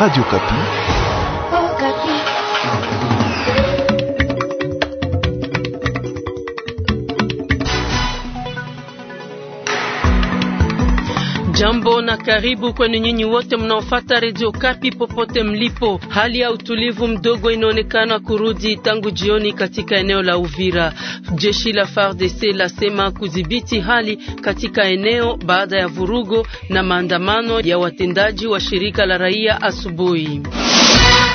Radio Kapi. Jambo na karibu kwenu nyinyi wote mnaofuata redio Kapi popote mlipo. Hali ya utulivu mdogo inaonekana kurudi tangu jioni katika eneo la Uvira. Jeshi la FARDC lasema kudhibiti hali katika eneo baada ya vurugo na maandamano ya watendaji wa shirika la raia asubuhi.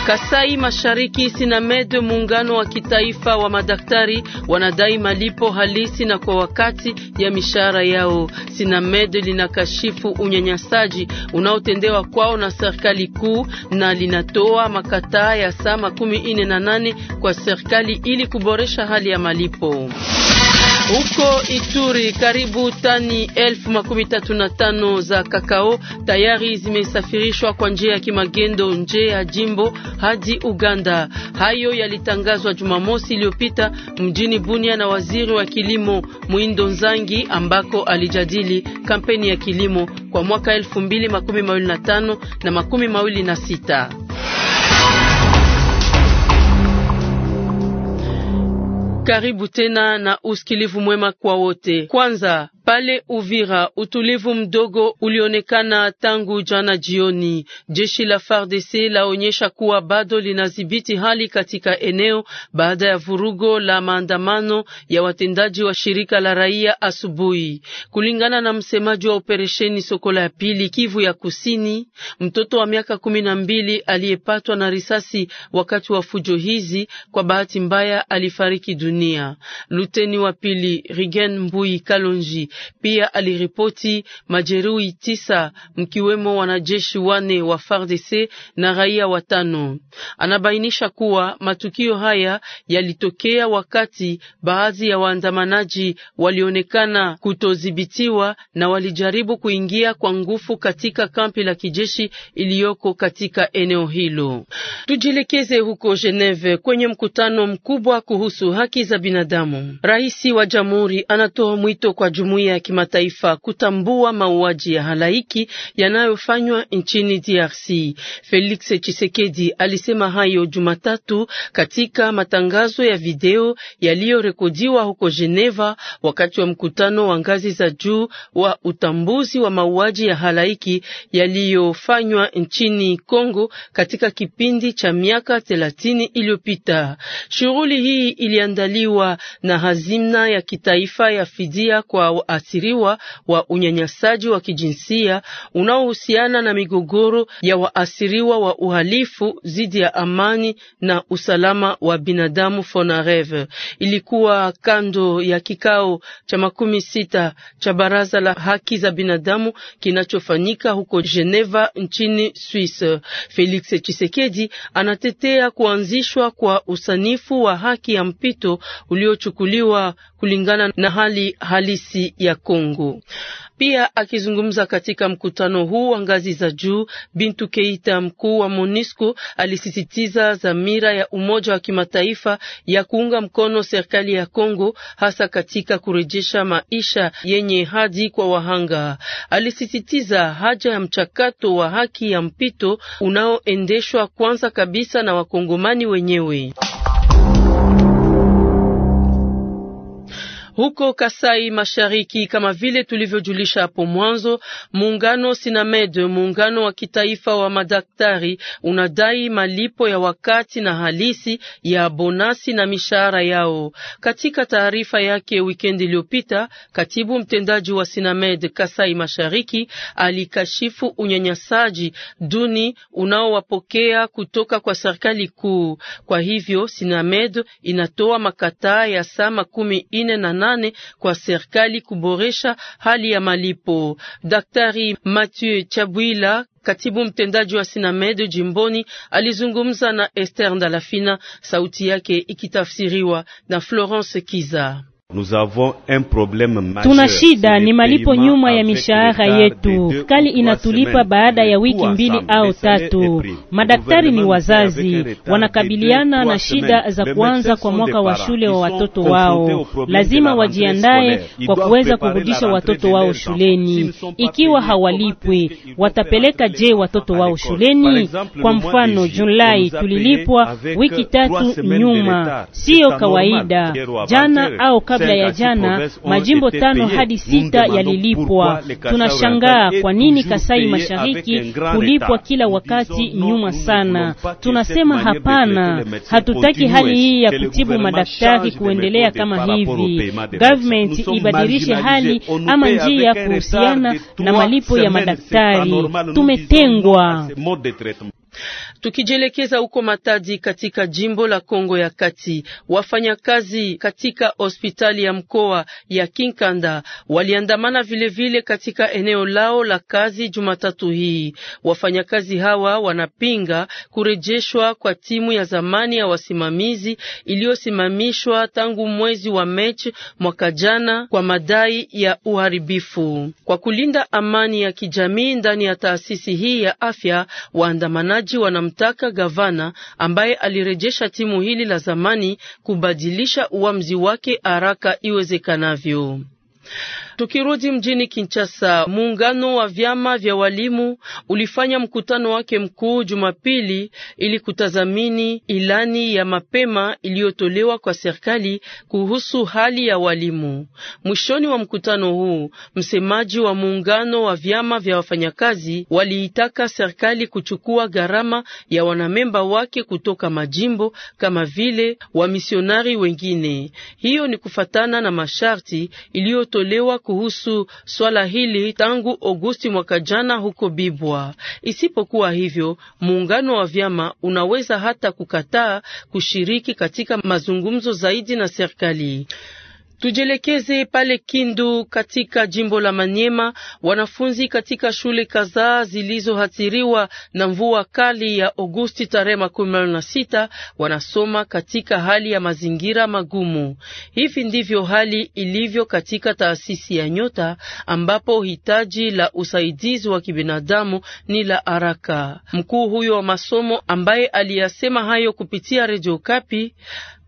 Kasai Mashariki, Sinamede, muungano wa kitaifa wa madaktari wanadai malipo halisi na kwa wakati ya mishahara yao. Sinamede linakashifu unyanyasaji unaotendewa kwao na serikali kuu na linatoa makataa ya saa makumi ine na nane kwa serikali ili kuboresha hali ya malipo. Huko Ituri karibu tani elfu makumi tatu na tano za kakao tayari zimesafirishwa kwa njia ya kimagendo nje ya jimbo hadi Uganda. Hayo yalitangazwa Jumamosi iliyopita mjini Bunia na waziri wa kilimo Muindo Nzangi, ambako alijadili kampeni ya kilimo kwa mwaka elfu mbili makumi mawili na tano na makumi mawili na sita. Karibu tena na usikilivu mwema kwa wote. Kwanza pale Uvira utulivu mdogo ulionekana tangu jana jioni. Jeshi la FARDC laonyesha kuwa bado linadhibiti hali katika eneo baada ya vurugo la maandamano ya watendaji wa shirika la raia asubuhi. Kulingana na msemaji wa operesheni Sokola ya pili Kivu ya Kusini, mtoto wa miaka kumi na mbili aliyepatwa na risasi wakati wa fujo hizi, kwa bahati mbaya alifariki dunia. Luteni wa pili Rigen Mbui Kalonji pia aliripoti majeruhi tisa mkiwemo wanajeshi wane wa FARDC na raia watano. Anabainisha kuwa matukio haya yalitokea wakati baadhi ya waandamanaji walionekana kutodhibitiwa na walijaribu kuingia kwa nguvu katika kampi la kijeshi iliyoko katika eneo hilo. Tujielekeze huko Geneve kwenye mkutano mkubwa kuhusu haki za binadamu. Rais wa jamhuri anatoa mwito kwa jumuiya jumuiya ya kimataifa kutambua mauaji ya halaiki yanayofanywa nchini DRC. Felix chisekedi alisema hayo Jumatatu katika matangazo ya video yaliyorekodiwa huko Geneva wakati wa mkutano wa ngazi za juu wa utambuzi wa mauaji ya halaiki yaliyofanywa nchini Kongo katika kipindi cha miaka 30 iliyopita. Shughuli hii iliandaliwa na hazina ya kitaifa ya fidia kwa waathiriwa wa unyanyasaji wa kijinsia unaohusiana na migogoro ya waathiriwa wa uhalifu dhidi ya amani na usalama wa binadamu FONAREV. Ilikuwa kando ya kikao cha makumi sita cha baraza la haki za binadamu kinachofanyika huko Geneva nchini swisse Felix chisekedi anatetea kuanzishwa kwa usanifu wa haki ya mpito uliochukuliwa kulingana na hali halisi ya Kongo. Pia akizungumza katika mkutano huu wa ngazi za juu, Bintu Keita, mkuu wa MONUSCO, alisisitiza dhamira ya Umoja wa Kimataifa ya kuunga mkono serikali ya Kongo, hasa katika kurejesha maisha yenye hadhi kwa wahanga. Alisisitiza haja ya mchakato wa haki ya mpito unaoendeshwa kwanza kabisa na wakongomani wenyewe. Huko Kasai Mashariki, kama vile tulivyojulisha hapo mwanzo, muungano Sinamed, muungano wa kitaifa wa madaktari, unadai malipo ya wakati na halisi ya bonasi na mishahara yao. Katika taarifa yake wikendi iliyopita, katibu mtendaji wa Sinamed Kasai Mashariki alikashifu unyanyasaji duni unaowapokea kutoka kwa serikali kuu. Kwa hivyo Sinamed inatoa makataa ya saa makumi ine na nane kwa serikali kuboresha hali ya malipo. Daktari Mathieu Chabwila Katibu mtendaji wa Sinamed jimboni alizungumza na Esther Ndalafina, sauti yake ikitafsiriwa na Florence Kiza. Tuna shida ni malipo nyuma ya mishahara yetu. Kali inatulipa baada ya wiki mbili au tatu. Madaktari ni wazazi, wanakabiliana na shida za kuanza kwa mwaka wa shule wa watoto wao. Lazima wajiandae kwa kuweza kurudisha watoto wao shuleni. Ikiwa hawalipwi, watapeleka je watoto wao shuleni? Kwa mfano, Julai tulilipwa wiki tatu nyuma, siyo kawaida. Jana au kabla kabla ya jana, majimbo tano hadi sita yalilipwa. Tunashangaa kwa nini Kasai Mashariki kulipwa kila wakati nyuma sana. Tunasema hapana, hatutaki hali hii ya kutibu madaktari kuendelea kama hivi. Government ibadilishe hali ama njia kuhusiana na malipo ya madaktari. Tumetengwa. Tukijielekeza huko Matadi katika jimbo la Kongo ya Kati, wafanyakazi katika hospitali ya mkoa ya Kinkanda waliandamana vilevile vile katika eneo lao la kazi Jumatatu hii. Wafanyakazi hawa wanapinga kurejeshwa kwa timu ya zamani ya wasimamizi iliyosimamishwa tangu mwezi wa Machi mwaka jana kwa madai ya uharibifu. Kwa kulinda amani ya kijamii ndani ya taasisi hii ya afya, waandamanaji Wakaaji wanamtaka gavana ambaye alirejesha timu hili la zamani kubadilisha uamuzi wake haraka iwezekanavyo. Tukirudi mjini Kinshasa, muungano wa vyama vya walimu ulifanya mkutano wake mkuu Jumapili ili kutazamini ilani ya mapema iliyotolewa kwa serikali kuhusu hali ya walimu. Mwishoni wa mkutano huu, msemaji wa muungano wa vyama vya wafanyakazi waliitaka serikali kuchukua gharama ya wanamemba wake kutoka majimbo kama vile wamisionari wengine. Hiyo ni kufatana na masharti iliyotolewa kuhusu swala hili tangu Agosti mwaka jana huko Bibwa. Isipokuwa hivyo, muungano wa vyama unaweza hata kukataa kushiriki katika mazungumzo zaidi na serikali. Tujielekeze pale Kindu katika jimbo la Manyema. Wanafunzi katika shule kadhaa zilizohatiriwa na mvua kali ya Agosti tarehe makumi na sita wanasoma katika hali ya mazingira magumu. Hivi ndivyo hali ilivyo katika taasisi ya Nyota ambapo hitaji la usaidizi wa kibinadamu ni la haraka. Mkuu huyo wa masomo ambaye aliyasema hayo kupitia Radio Kapi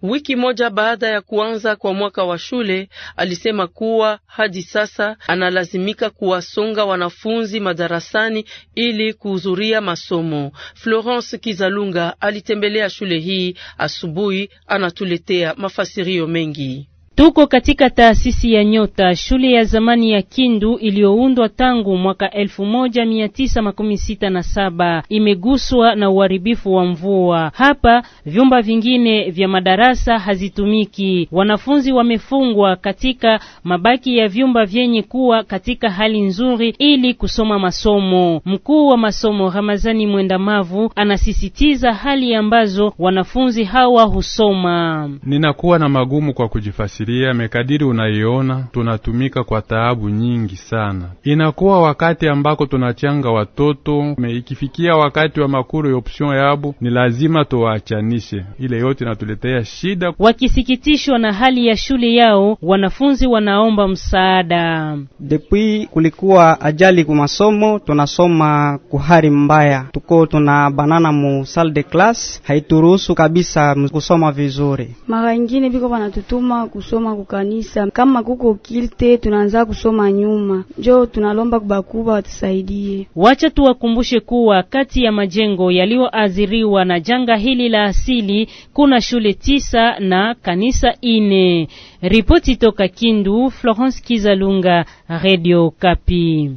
wiki moja baada ya kuanza kwa mwaka wa shule, alisema kuwa hadi sasa analazimika kuwasonga wanafunzi madarasani ili kuhudhuria masomo. Florence Kizalunga alitembelea shule hii asubuhi, anatuletea mafasirio mengi. Tuko katika taasisi ya Nyota, shule ya zamani ya Kindu iliyoundwa tangu mwaka 1967 imeguswa na uharibifu wa mvua. Hapa vyumba vingine vya madarasa hazitumiki, wanafunzi wamefungwa katika mabaki ya vyumba vyenye kuwa katika hali nzuri ili kusoma masomo. Mkuu wa masomo Ramazani Mwendamavu anasisitiza hali ambazo wanafunzi hawa husoma. Ninakuwa na magumu kwa kujifasi kufikiria mekadiri unaiona, tunatumika kwa taabu nyingi sana. Inakuwa wakati ambako tunachanga watoto, ikifikia wakati wa makuru ya opsion yabo ni lazima tuwaachanishe. Ile yote inatuletea shida. Wakisikitishwa na hali ya shule yao, wanafunzi wanaomba msaada. Depuis kulikuwa ajali kwa masomo, tunasoma kuhari mbaya, tuko tuna banana mu salle de classe, haituruhusu kabisa kusoma vizuri. Mara nyingine biko wanatutuma kusoma kusoma kukanisa. Kama kuko kilte, tunaanza kusoma nyuma, njo tunalomba kubakuba watusaidie. Wacha tuwakumbushe kuwa kati ya majengo yaliyoathiriwa na janga hili la asili kuna shule tisa na kanisa ine. Ripoti toka Kindu, Florence Kizalunga, Radio Kapi.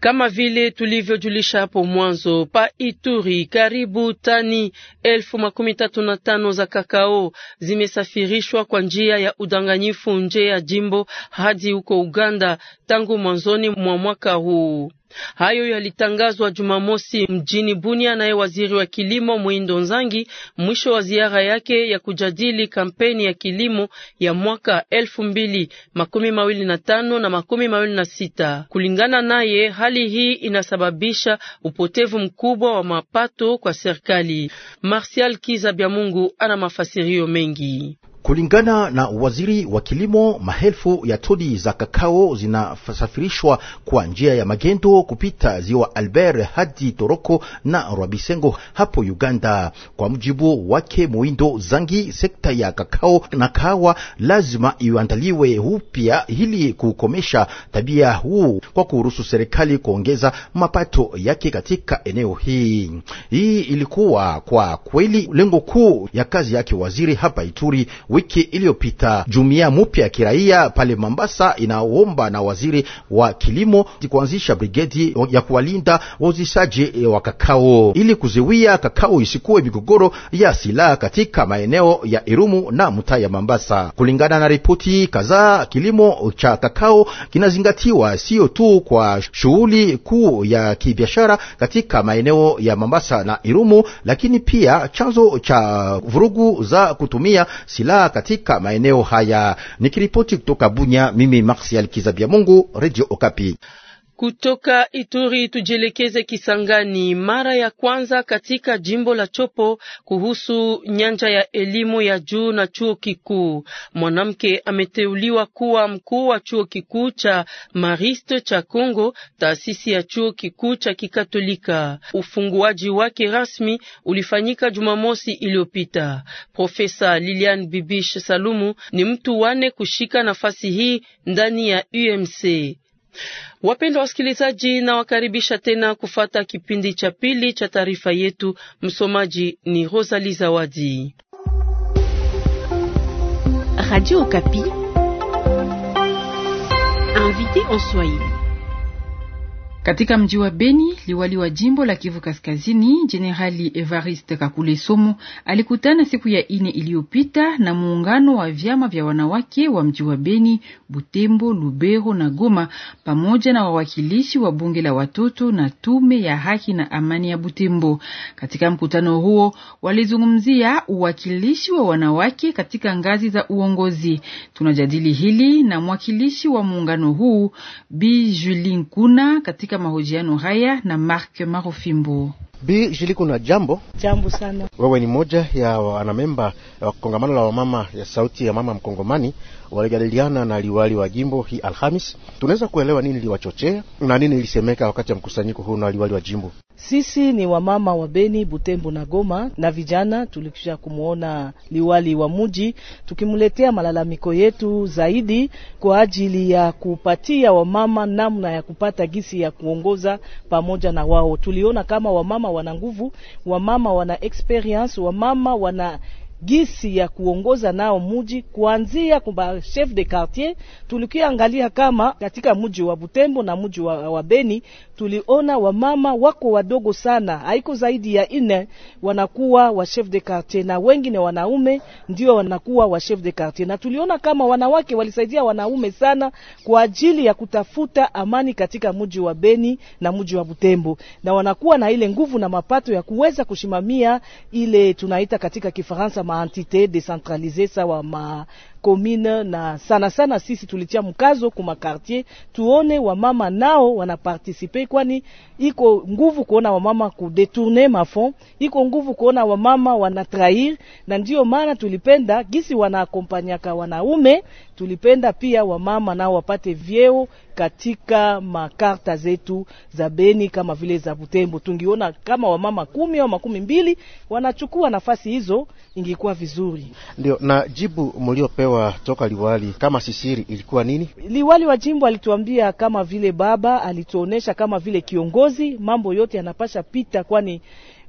Kama vile tulivyojulisha hapo mwanzo, pa Ituri karibu tani elfu makumi tatu na tano za kakao zimesafirishwa kwa njia ya udanganyifu nje ya jimbo hadi huko Uganda tangu mwanzoni mwa mwaka huu. Hayo yalitangazwa Jumamosi mjini Bunia naye waziri wa kilimo Mwindo Nzangi mwisho wa ziara yake ya kujadili kampeni ya kilimo ya mwaka elfu mbili makumi mawili na tano na makumi mawili na sita. Kulingana naye, hali hii inasababisha upotevu mkubwa wa mapato kwa serikali. Martial Kiza Bya Mungu ana mafasirio mengi. Kulingana na waziri wa kilimo, maelfu ya toni za kakao zinasafirishwa kwa njia ya magendo kupita ziwa Albert hadi Toroko na Rwabisengo hapo Uganda. Kwa mujibu wake Muindo Zangi, sekta ya kakao na kahawa lazima iandaliwe upya ili kukomesha tabia huu kwa kuruhusu serikali kuongeza mapato yake katika eneo hii. Hii ilikuwa kwa kweli lengo kuu ya kazi yake waziri hapa Ituri. Wiki iliyopita jumuiya mupya ya kiraia pale Mambasa inaomba na waziri wa kilimo kuanzisha brigedi ya kuwalinda wauzishaji e, wa kakao ili kuziwia kakao isikuwe migogoro ya silaha katika maeneo ya Irumu na mtaa ya Mambasa. Kulingana na ripoti kadhaa, kilimo cha kakao kinazingatiwa sio tu kwa shughuli kuu ya kibiashara katika maeneo ya Mambasa na Irumu, lakini pia chanzo cha vurugu za kutumia silaha katika maeneo haya. Nikiripoti kutoka Bunya, mimi Marsial Kizabia Mungu, Radio Okapi. Kutoka Ituri tujielekeze Kisangani. Mara ya kwanza katika jimbo la Chopo kuhusu nyanja ya elimu ya juu na chuo kikuu, mwanamke ameteuliwa kuwa mkuu wa chuo kikuu cha Mariste cha congo taasisi ya chuo kikuu cha Kikatolika. Ufunguaji wake rasmi ulifanyika Jumamosi iliyopita. Profesa Lilian Bibish Salumu ni mtu wane kushika nafasi hii ndani ya UMC. Wapendwa wasikilizaji, nawakaribisha tena kufata kipindi cha pili cha taarifa yetu. Msomaji ni rosali Zawadi, Radio Okapi, invité en Swahili. Katika mji wa Beni, liwali wa jimbo la Kivu Kaskazini, Jenerali Evariste Kakule Somo alikutana siku ya ine iliyopita na muungano wa vyama vya wanawake wa mji wa Beni, Butembo, Lubero na Goma, pamoja na wawakilishi wa bunge la watoto na tume ya haki na amani ya Butembo. Katika mkutano huo walizungumzia uwakilishi wa wanawake katika ngazi za uongozi. Tunajadili hili na mwakilishi wa muungano huu Bi Julin Kuna katika katika mahojiano haya na Mark Marofimbo. Bi Jili, kuna jambo jambo sana. Wewe ni moja ya wanamemba wa kongamano la wamama ya sauti ya mama mkongomani, walijadiliana na liwali wa jimbo hii Alhamis. Tunaweza kuelewa nini liwachochea na nini lilisemeka wakati ya mkusanyiko huu na liwali wa jimbo? Sisi ni wamama wa Beni, Butembo na Goma na vijana, tulikisha kumwona liwali wa muji tukimletea malalamiko yetu zaidi kwa ajili ya kupatia wamama namna ya kupata gisi ya kuongoza pamoja na wao. Tuliona kama wamama wana nguvu, wamama wana experience, wamama wana gisi ya kuongoza nao muji kuanzia kwa chef de quartier. Tulikiangalia kama katika muji wa Butembo na muji wa, wa Beni tuliona wamama wako wadogo sana, haiko zaidi ya ine wanakuwa wa chef de quartier, na wengi ni wanaume ndio wanakuwa wa chef de quartier. Na tuliona kama wanawake walisaidia wanaume sana kwa ajili ya kutafuta amani katika mji wa Beni na mji wa Butembo, na wanakuwa na ile nguvu na mapato ya kuweza kushimamia ile tunaita katika Kifaransa maentite decentralise sawa ma komine, na sana sana sisi tulitia mkazo kuma kartier tuone wamama nao wanapartisipe, kwani iko nguvu kuona wamama kudetourne mafon, iko nguvu kuona wamama wanatrair, na ndio maana tulipenda gisi wanaakompanyaka wanaume Tulipenda pia wamama nao wapate vyeo katika makarta zetu za Beni kama vile za Butembo. Tungiona kama wamama kumi au makumi mbili wanachukua nafasi hizo, ingekuwa vizuri. Ndio na jibu mliopewa toka liwali kama sisiri ilikuwa nini? Liwali wa jimbo alituambia kama vile baba alituonesha kama vile kiongozi, mambo yote yanapasha pita, kwani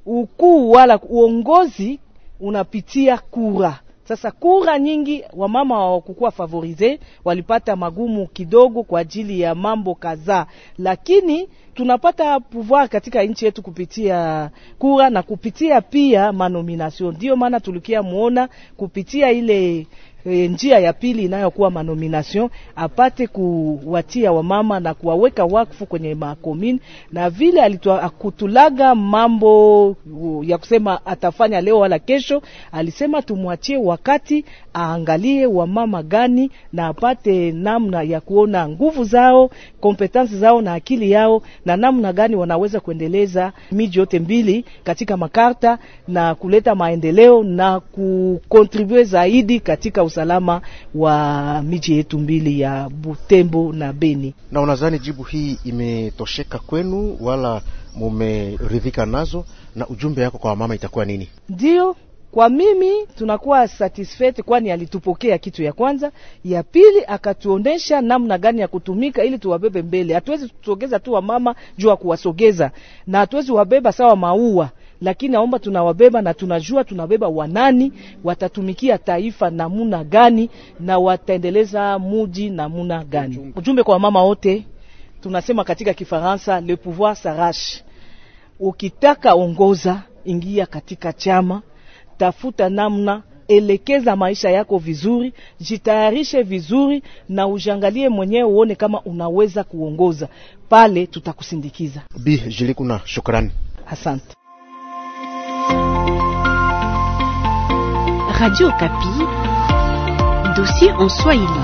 ukuu wala uongozi unapitia kura sasa kura nyingi wamama hawakukuwa favorize, walipata magumu kidogo kwa ajili ya mambo kadhaa, lakini tunapata pouvoir katika nchi yetu kupitia kura na kupitia pia manomination. Ndio maana tulikia muona kupitia ile E, njia ya pili inayokuwa manomination apate kuwatia wamama na kuwaweka wakfu kwenye makomini, na vile alikutulaga mambo ya kusema atafanya leo wala kesho, alisema tumwachie wakati aangalie wamama gani na apate namna ya kuona nguvu zao, kompetensi zao na akili yao, na namna gani wanaweza kuendeleza miji yote mbili katika makarta na kuleta maendeleo na kukontribue zaidi katika usalama wa miji yetu mbili ya Butembo na Beni. Na unadhani jibu hii imetosheka kwenu wala mumeridhika nazo? Na ujumbe yako kwa wamama itakuwa nini? Ndio, kwa mimi tunakuwa satisfied, kwani alitupokea kitu ya kwanza. Ya pili akatuonesha namna gani ya kutumika ili tuwabebe mbele. Hatuwezi kusogeza tu wamama juu ya kuwasogeza, na hatuwezi wabeba sawa maua lakini naomba tunawabeba na tunajua tunabeba wanani watatumikia taifa namuna gani na wataendeleza muji namuna gani. Ujumbe kwa mama wote tunasema katika Kifaransa, le pouvoir s'arrache. Ukitaka ongoza, ingia katika chama, tafuta namna Elekeza maisha yako vizuri, jitayarishe vizuri na ujangalie mwenyewe uone kama unaweza kuongoza pale, tutakusindikiza. Bi Jilikuna, shukrani, asante. Radio Okapi. Dossier en Swahili.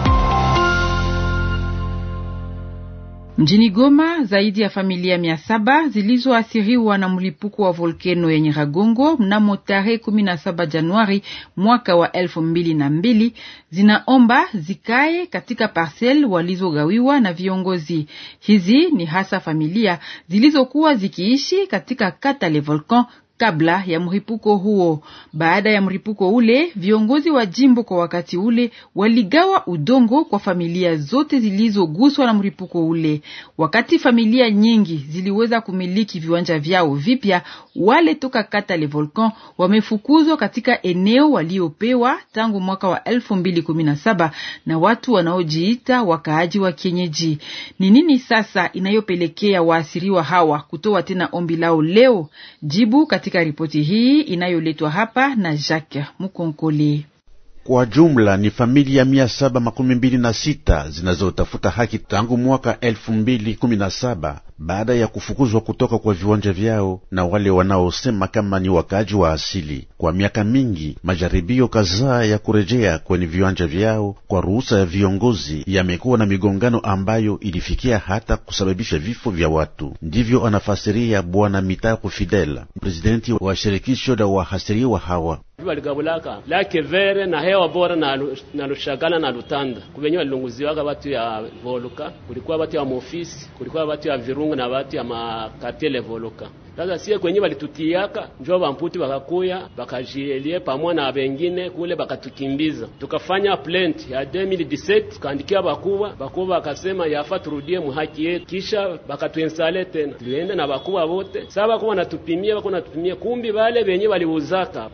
Mjini Goma zaidi ya familia mia saba zilizoathiriwa na mlipuko wa volkeno ya Nyiragongo mnamo tarehe 17 Januari mwaka wa elfu mbili na mbili zinaomba zikae katika parcel walizogawiwa na viongozi. Hizi ni hasa familia zilizokuwa zikiishi katika kata Le Volcan kabla ya mripuko huo. Baada ya mripuko ule, viongozi wa jimbo kwa wakati ule waligawa udongo kwa familia zote zilizoguswa na mripuko ule. Wakati familia nyingi ziliweza kumiliki viwanja vyao vipya, wale toka kata Le Volcan wamefukuzwa katika eneo waliopewa tangu mwaka wa 2017 na watu wanaojiita wakaaji wa kienyeji. Ni nini sasa inayopelekea waasiriwa hawa kutoa tena ombi lao leo? Jibu katika katika ripoti hii inayoletwa hapa na Jacques Mukonkole. Kwa jumla ni familia mia saba makumi mbili na sita zinazotafuta haki tangu mwaka elfu mbili kumi na saba baada ya kufukuzwa kutoka kwa viwanja vyao na wale wanaosema kama ni wakaaji wa asili. Kwa miaka mingi, majaribio kadhaa ya kurejea kwenye viwanja vyao kwa ruhusa ya viongozi yamekuwa na migongano ambayo ilifikia hata kusababisha vifo vya watu. Ndivyo anafasiria Bwana Mitaku Fidel, presidenti wa shirikisho la wahasiriwa hawa valigabulaka lake vere na hewa bora na, lushagala na lutanda kuvenye valilunguziwaka vatu ya voluka kulikuwa vatu ya mofisi kulikuwa vatu ya virunga na vatu ya makatele voluka sasa sie kwenye walitutiaka njo vamputi wakakuya bakajielie pamwa na vengine kule vakatukimbiza tukafanya plant ya 2017 tukaandikia bakuwa bakuwa vakasema yafa turudie muhaki yetu, kisha bakatuinsale tena. tuliende na bakuwa wote saa bakuwa natupimia bako natupimia, kumbi vale venye waliuzaka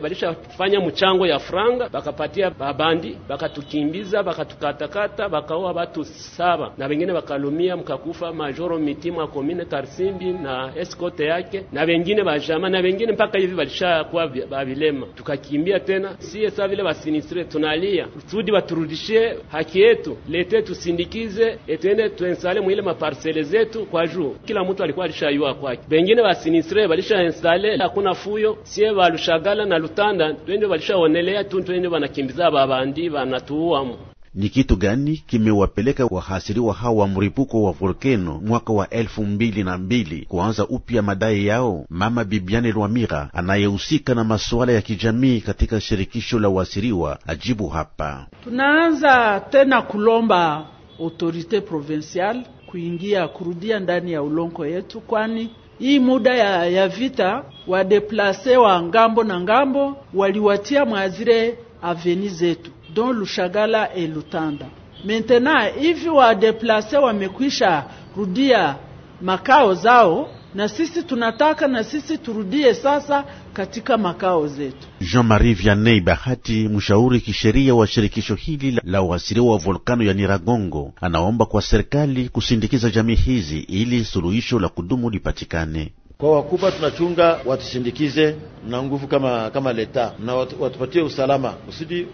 fanya mchango ya franga vakapatia babandi, vakatukimbiza vakatukatakata bakaua batu saba na vengine vakalumia mkakufa majoro mitima komine Karsimbi na eskote yake na wengine bashama na wengine mpaka hivi walishakuwa babilema tukakimbia tena. Sie saa vile basinistre tunalia kusudi waturudishie haki yetu, lete tusindikize, etende tuensale mwile maparsele zetu kwa juu. Kila mtu alikuwa alishayua kwake, wengine basinistre balishaensale, hakuna fuyo. Sie walushagala na lutanda twende, walishaonelea tu twende, wanakimbiza babandi banatuuamo ni kitu gani kimewapeleka wahasiriwa hawa wa mripuko wa volkeno mwaka wa elfu mbili na mbili kuanza upya madai yao? Mama Bibiane Lwamira anayehusika na masuala ya kijamii katika shirikisho la wasiriwa ajibu hapa. Tunaanza tena kulomba autorite provinciale kuingia kurudia ndani ya ulongo yetu, kwani hii muda ya, ya vita wadeplase wa ngambo na ngambo waliwatia mwazire aveni zetu dont Lushagala et Lutanda. Maintenant, hivi wadeplase wamekwisha rudia makao zao, na sisi tunataka na sisi turudie sasa katika makao zetu. Jean-Marie Vianney Bahati, mshauri kisheria wa shirikisho hili la uhasiriwa wa volkano ya niragongo anaomba kwa serikali kusindikiza jamii hizi ili suluhisho la kudumu lipatikane kwa wakubwa tunachunga watushindikize na nguvu kama kama leta na watupatie usalama usidi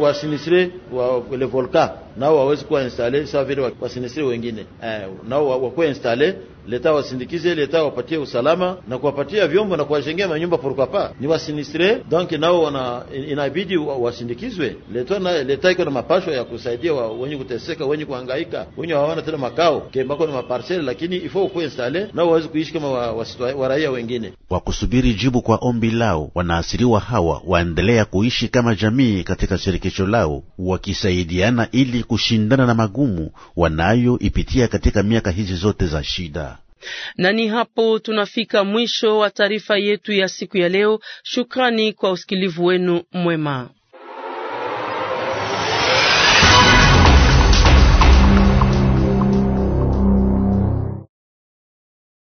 wasinisire wa, wa, wa, le volka nao waweze kuwa instale sawa vile wasinisire wengine eh, nao wakuwa instale leta wasindikize, leta wapatie usalama na kuwapatia vyombo na kuwajengea manyumba, pourquoi pas ni wasinistre donc nao wana inabidi wasindikizwe. Leta na leta iko na mapasho ya kusaidia wa, wenye kuteseka, wenye kuhangaika, wenye hawana tena makao kembako na maparcele, lakini ifo kuwe instale nao waweze kuishi kama wa, wa, wa raia wengine. Kwa kusubiri jibu kwa ombi lao, wanaasiriwa hawa waendelea kuishi kama jamii katika shirikisho lao wakisaidiana ili kushindana na magumu wanayoipitia katika miaka hizi zote za shida. Na ni hapo tunafika mwisho wa taarifa yetu ya siku ya leo. Shukrani kwa usikilivu wenu mwema.